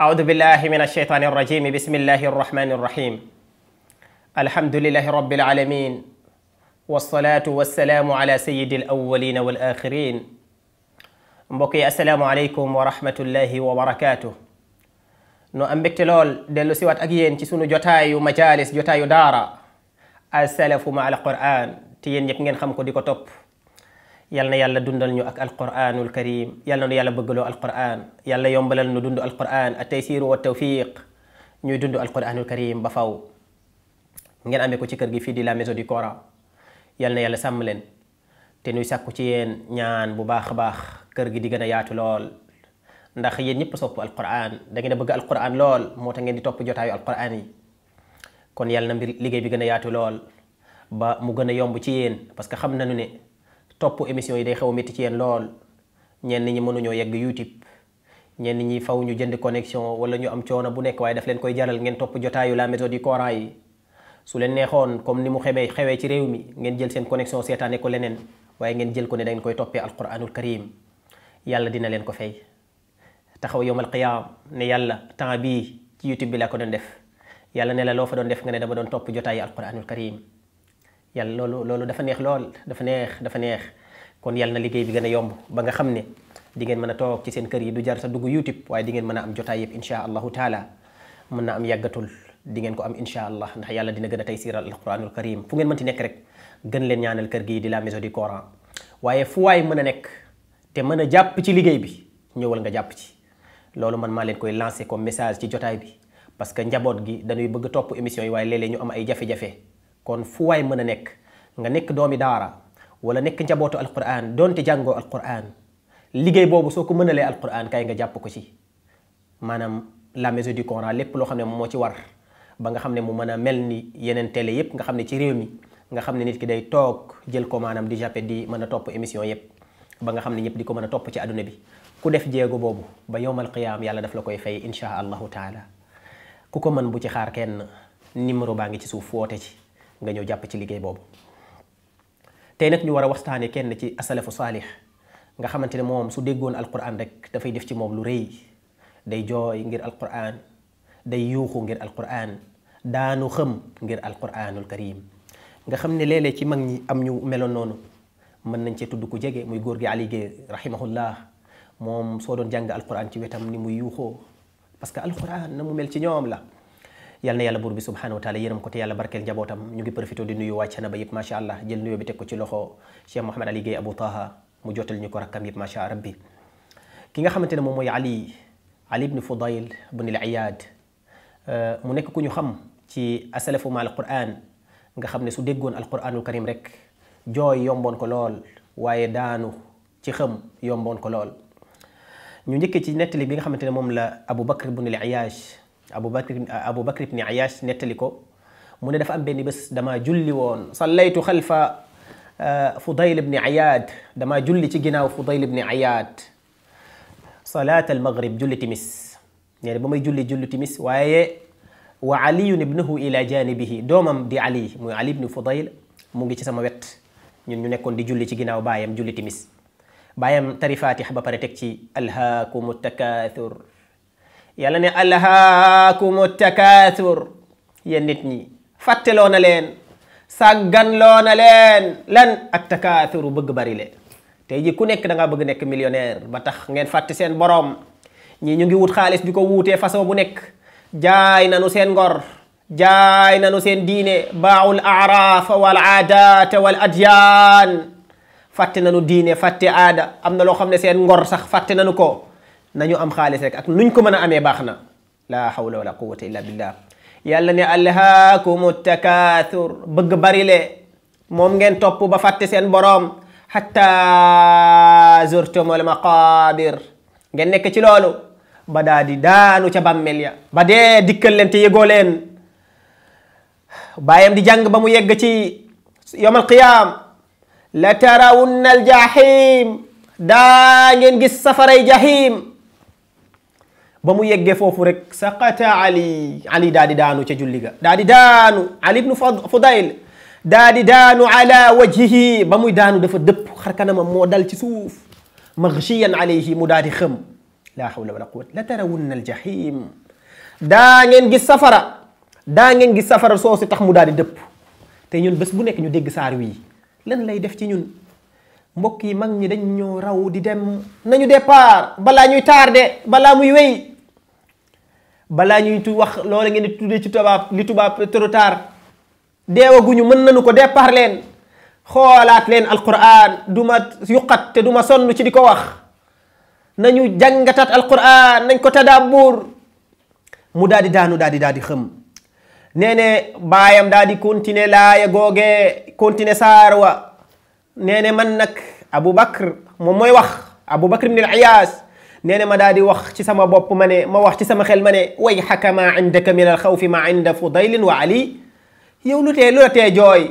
أعوذ بالله من الشيطان الرجيم بسم الله الرحمن الرحيم الحمد لله رب العالمين والصلاة والسلام على سيد الأولين والآخرين مبكي السلام عليكم ورحمة الله وبركاته نو أمبك تلول دلو سيوات أجين تسونو جوتايو مجالس جوتايو دارا السلف مع القرآن تيين يبنين خمكو ديكو توب yal na yàlla dundal ñu ak alquranul karim yal na nu yàlla bëggaloo alquran yàlla yombalal nu dund alquran a taysiru wa tawfiq ñuy dund alquranul karim ba faw ngeen amee ko ci kër gi fii di la maison du coran yal na yàlla sàmm leen te nuy sàkku ci yéen ñaan bu baax a baax kër gi di gën a yaatu lool ndax yéen ñëpp sopp alquran da ngeen a bëgg alquran lool moo tax ngeen di topp jotaayu alquran yi kon yàlla na mbir liggéey bi gën a yaatu lool ba mu gën a yomb ci yéen parce que xam nañu ne topp émission yi day xaw a métti ci yéen lool ñenn ñi mënuñoo yegg YouTube ñenn ñi faw ñu jënd connexion wala ñu am coono bu nekk waaye daf leen koy jaral ngeen topp jotaayu la méthode du Coran yi su leen neexoon comme ni mu xewee xewee ci réew mi ngeen jël seen connexion seetaane ko leneen waaye ngeen jël ko ne da koy toppee alquranul karim yàlla dina leen ko fay taxaw yowmal qiyaam ne yàlla temps bii ci YouTube bi laa ko doon def yàlla ne la loo fa doon def nga ne dama doon topp jotaayu alquranul karim yàlla loolu loolu dafa neex lool dafa neex dafa neex kon yàlla na liggéey bi gën a yomb ba nga xam ne di ngeen mën a toog ci seen kër yi du jar sa dugg YouTube waaye di ngeen mën a am jotaay yëpp incha allahu taala mën na am yàggatul di ngeen ko am incha allah ndax yàlla dina gën a tey siiral alquranul karim fu ngeen mënti nekk rek gën leen ñaanal kër gi di la maison du waaye fu waay mën a nekk te mën a jàpp ci liggéey bi ñëwal nga jàpp ci loolu man maa leen koy lancé comme message ci jotaay bi parce que njaboot gi dañuy bëgg topp émission yi waaye léeg am ay jafe kon fu waay mën a nekk nga nekk doomi daara wala nekk njabootu alquran donte jàngoo alquran liggéey boobu soo ko mënalee alquran kay nga jàpp ko ci maanaam la maison du lépp loo xam ne moo ci war ba nga ne mu mën a mel ni yeneen télé yépp nga xam ne ci réew mi nga xam ne nit ki day toog jël ko maanaam di jàppee di mën a topp émission yépp ba nga xam ne ñëpp di ko mën a topp ci àdduna bi ku def jéego boobu ba yowmal qiyaam yàlla def la koy fay insha allahu taala ku ko mën bu ci xaar kenn numéro baa ngi ci suuf woote ci nga ñëw jàpp ci liggéey bobu té nak ñu wara waxtané kenn ci asalafu salih nga xamantene mom su déggone alquran rek da fay def ci mom lu reey day joy ngir alquran day yuxu ngir alquran daanu xam ngir alquranul karim nga xamné lélé ci mag ñi am ñu meloon nonu mën nañ ci tuddu ku jégué muy gor gui Ali Guèye rahimahullah mom so doon jàng alquran ci wetam ni muy yuxo parce que alquran namu mel ci ñoom la yalna yàlla bur bi subhanahu wa taala yeeram ko te yàlla barkel njabotam ñu ngi profito di nuyu ba Thiénaba ma sha allah jël nuyu bi tek ko ci loxo Cheikh mohammed Ali gay Abou Taha mu jotal ñu ko rakkam yëpp macha rabbi ki nga xamantene mom moy Ali Ali ibn Fudayl ibn al-Iyad mu nek ku ñu xam ci asalafu mal qur'an nga xam ne su déggoon alquranul karim rek joy yombon ko lol waye daanu ci xam yombon ko lol ñu njëkkee ci nettali bi nga xamantene mom la Abu Bakr ibn al-Ayyash Aboubacar Aboubacar ibni Ayaash nettali ko mu ne dafa am benn bés damaa julli woon sallaytu xalfa Fudayl ibni Ayaad damaa julli ci ginnaaw Fudayl ibni Ayaad salaat al maghrib julli timis nee na ba may julli julli timis waaye wa aliyun ibnuhu ila janibihi doomam di ali muy ali ibni Fudayl mu ngi ci sama wet ñun ñu nekkoon di julli ci ginnaaw baayam julli timis baayam tari faatiha ba pare teg ci alhaakumu takaathur yalla ne kumut takathur ya nit ñi fatelo na leen lo na len lan ak takathur bëgg bari le tay ji ku nekk da nga bëgg nekk millionnaire ba tax ngeen seen borom ñi ñu ngi wut xaalis diko wuté wuutee façon bu nekk jaay nañu seen ngor jaay nañu seen diine ba'ul a'raf wal 'adat wal adyan fatte nañu diine fatte aada am lo xamne xam seen ngor sax fatte nañu ko nañu am xaalis rek ak nuñ ko mën a amee baax na laa illa billah yàlla ne alhaakumu takaathur bëgg barile moom ngeen topp ba fàtte seen boroom hatta zurtumul maqabir ngeen nekk ci loolu ba daa daanu ca bàmmeel ya ba dee dikkal leen te yëgoo leen bàyyam di jàng ba mu yegg ci yawm al qiyam la tarawunna jahim daa ngeen gis safaray jahim ba mu yeggee foofu rek saqata ali ali daa di daanu ca julli ga daa di daanu ali ibnu fudayl daa di daanu ala wajhihi ba muy daanu dafa dëpp xarkanamam moo dal ci suuf maghshiyan alayhi mu daa di xëm laa hawla wala quwwata la tarawunna aljahim daa ngeen gis safara daa ngeen gis safara soosu tax mu daa di dëpp te ñun bés bu nekk ñu dégg saar wii lan lay def ci ñun mbokk yi mag ñi dañ ñoo raw di dem nañu départ balaa ñuy tardé balaa muy wéy balaa ñuy tu wax loola ngeen di tuddee ci tubaab li tubaab trop tard deewaguñu mën nañu ko départ leen xoolaat leen alquran du ma yuqat te du ma sonn ci di ko wax nañu jangatat jàngataat alquran nañ ko tadabbur mu daal di daanu daal di daal di xëm nee ne baayam daal di continuer laaya googe continuer saar wa nee ne man nag Abu Bakr moom mooy wax Abu Bakr bin al-Iyaas nee na ma daal di wax ci sama bopp ma ne ma wax ci sama xel ma ne way xaka maa indaka min al xawfi ma inda fudaylin wa ali yow lu tee lu la tee jooy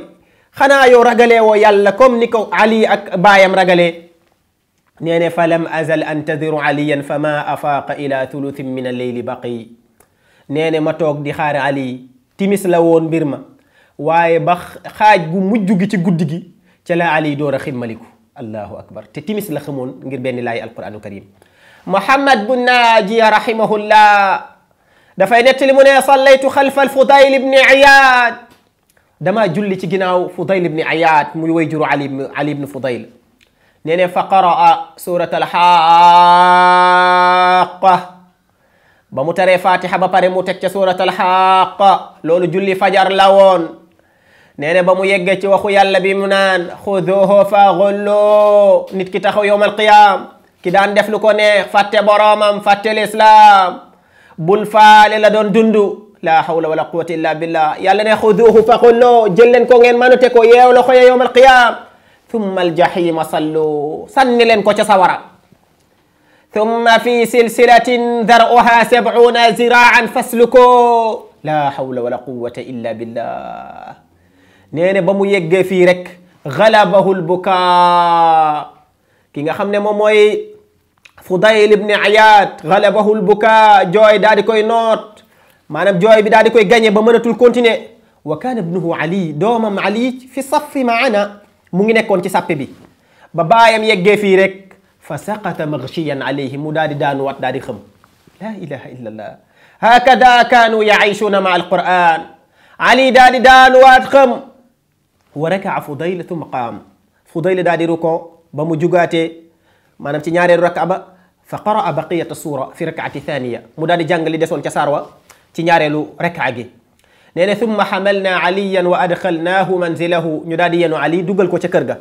xanaa yow ragalee woo yàlla comme ni ko ali ak baayam ragalee nee ne fa lam azal antadiru aliyan fa ma afaaqa ila ma toog di xaar ali timis la woon mbir ma waaye ba xaaj gu mujj ci guddi gi ca la ali door a ximmaliku allahu akbar te timis la xamoon ngir benn laay alquranu karim محمد بن ناجي رحمه الله دا فاي نتلي مو صليت خلف الفضيل بن عياد دا ما جولي تي غيناو فضيل بن عياد مو ويجرو علي بن علي بن فضيل نيني فقرا سوره الحاق بامو تري فاتحه با بار مو تك سوره الحاق لولو جولي فجر لاون نيني بامو ييغ تي واخو يالا بي منان خذوه فغلو نيت كي تخو يوم القيامه ki daan def lu ko neex fàtte boroomam fàtte lislaam bul faale la doon dundu la hawla wala quwwata illa billah yàlla ne xuduuhu fa xulloo ko leen ko ngeen manute ko yeew la xoye yowm alqiyam thumma aljahima sallu sànni leen ko ca sawara thumma fi silsilatin daruha sab'una ziraan fasluko la hawla wala quwwata illa billah nee ne ba mu yeggee fii rek galabahu lbukaa ki nga xamne mom moy Fudayl ibn Ayad galabahu lbuka joy dal di koy noot manam joy bi dal di koy gañe ba meunatul continuer wa kaana ibnuhu ali domam ali fi saff maana mu ngi nekkon ci sàppe bi ba bayam yegge fi rek fa saqata maghshiyan alayhi mu daal di daanuwaat di xam la ilaha illallah hakada kanu ya'ishuna ma alquran ali dal di wat xam wa rakaa thumma qam fudayl dal di ruko ba mu jugaatee maanaam ci ñaareelu rakka ba fa qaraa baqiyata suura fi rakaati thaniya mu daal di jàng li desoon ca saar wa ci ñaareelu rakka gi nee na thumma xamalnaa aliyan wa adxalnaahu manzilahu ñu daal di yenu ali dugal ko ca kër ga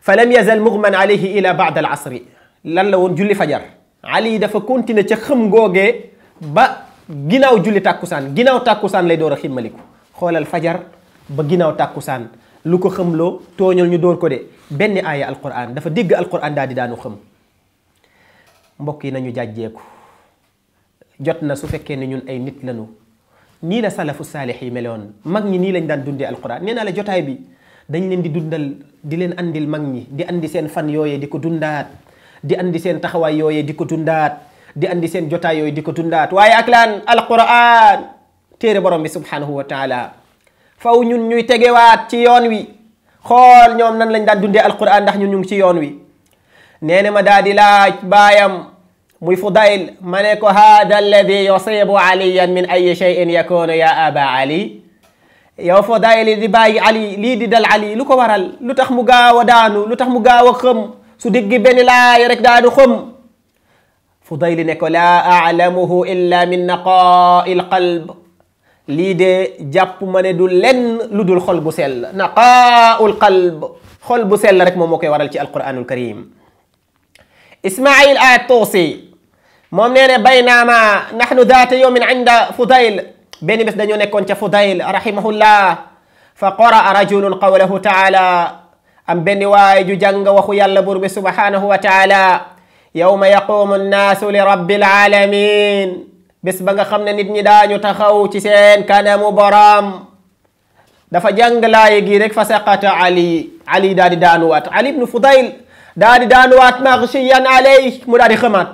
fa lam yazal mugman alayhi ila baad al asri lan la woon julli fajar ali dafa continuer ca xëm googee ba ginnaaw julli tàkkusaan ginnaaw tàkkusaan lay door a ximmaliku xoolal fajar ba ginnaaw tàkkusaan lu ko xamloo tooñal ñu door ko de benn aaya alquran dafa dégg alquran daal di daanu xam mbokk yi nañu jàjjeeku jot na su fekkee ne ñun ay nit lañu nii la salafu saalix yi meloon mag ñi nii lañ daan dundee alquran nee la jotaay bi dañ leen di dundal di leen andil mag ñi di andi seen fan yooyee di ko dundaat di andi seen taxawaay yooyee di ko dundaat di andi seen jotaay yooyu di ko dundaat waaye ak laan alquran téere borom bi subhanahu wa taala faw ñun ñuy tegewaat ci yoon wi xool ñoom nan lañ daan dundee alquran ndax ñun ñu ci yoon wi nee na ma daa di laaj baayam muy Fudayl ma ne ko haada alladi yusibu aliyan min ayi cheyin yakunu ya aba ali yow Fudayl di bàyyi ali lii di dal ali lu ko waral lu tax mu gaaw a daanu lu tax mu gaaw a xëm su diggi benn laay rek daanu xëm Fudayl ne ko laa alamuhu min naqaai alqalb لدي جاب من دو لن لدو الخلب سل نقاء القلب خلب سل رك مو موكي ورالتي القرآن الكريم إسماعيل آية توصي مومنين بينما نحن ذات يوم عند فضيل بين بس دانيو نكون فضيل رحمه الله فقرأ رجل قوله تعالى أم بين واي جنغ وخي اللبور سبحانه وتعالى يوم يقوم الناس لرب العالمين bés ba nga xamne nit ñi dañu taxaw ci seen kanamu boroom dafa jàng laay gi rek fasaqata ali ali dadi danu wat ali ibn fudayl daal di daanuwaat maghshiyan alay mu dadi xamat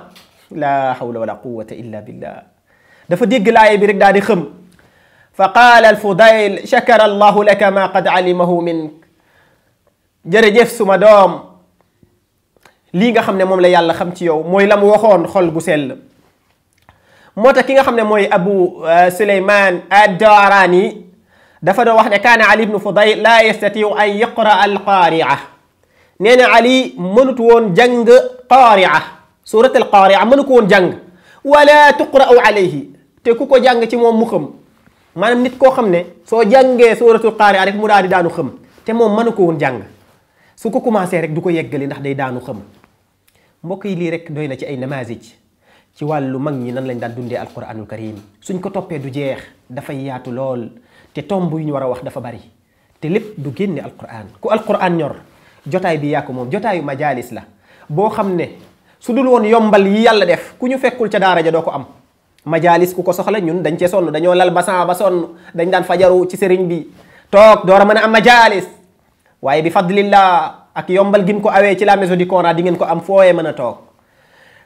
la hawla wala quwwata illa billah dafa deg laay bi rek dadi xam fa qala al alfudayl shakara allah laka ma qad alimahu mink jere jef suma dom li nga xamne mom la yàlla xam ci yow moy lam waxon xol gu sel moo tax ki nga xam ne mooy abu euh, suleyman ad-darani dafa doon wax ne kaana ali ibnu fudayl laa yastatiu an yaqra al qaari'a nee na ali mënut woon jàng qaari'a surat al qaari'a mënu ko woon jàng wala tuqra'u alayhi te ku ko jàng ci moom mu xëm maanaam nit koo xam ne soo jàngee suratul qaari'a rek mu daal di daanu xëm te moom mënu ko woon jàng su ko commencé rek du ko yeggali ndax day daanu xëm mbokk yi lii rek doy na ci ay namaasij ci walu mag ñi nan lañ daan dundé alquranul karim suñ ko topé du jeex fay yaatu lool té tombu yu ñu wara wax dafa bari té lepp du génné alquran ku alquran ñor jotay bi yaa ko moom majalis la bo xamné su dul won yombal yi yalla def ku ñu fekkul ci daara ja do ko am majalis ku ko soxla ñun dañ ci sonu dañoo lal basan ba sonn dañ daan fajaru ci sëriñ bi tok am majalis waye bi fadlillah ak yombal gim ko awé ci la maison du Coran di ngeen ko am foyé mëna tok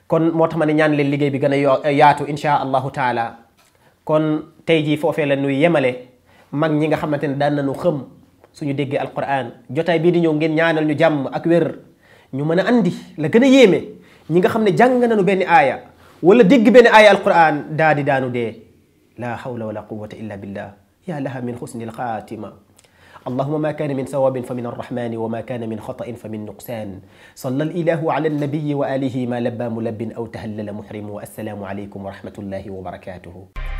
kon moo tax ma ne ñaan leen liggéey bi gën a yaatu insha allahu taala kon tey jii foofee la nuy yemale mag ñi nga xamante ne daan nañu xëm suñu déggee alquran jotaay bii di ñëw ngeen ñaanal ñu jàmm ak wér ñu mën a andi la gën a yéeme ñi nga xam ne na nañu benn aaya wala dégg benn aaya alquran daa di daanu dee la hawla wala quwwata illa billah ya laha min husnil xaatima اللهم ما كان من ثواب فمن الرحمن وما كان من خطأ فمن نقصان صلى الإله على النبي وآله ما لبى ملب أو تهلل محرم والسلام عليكم ورحمة الله وبركاته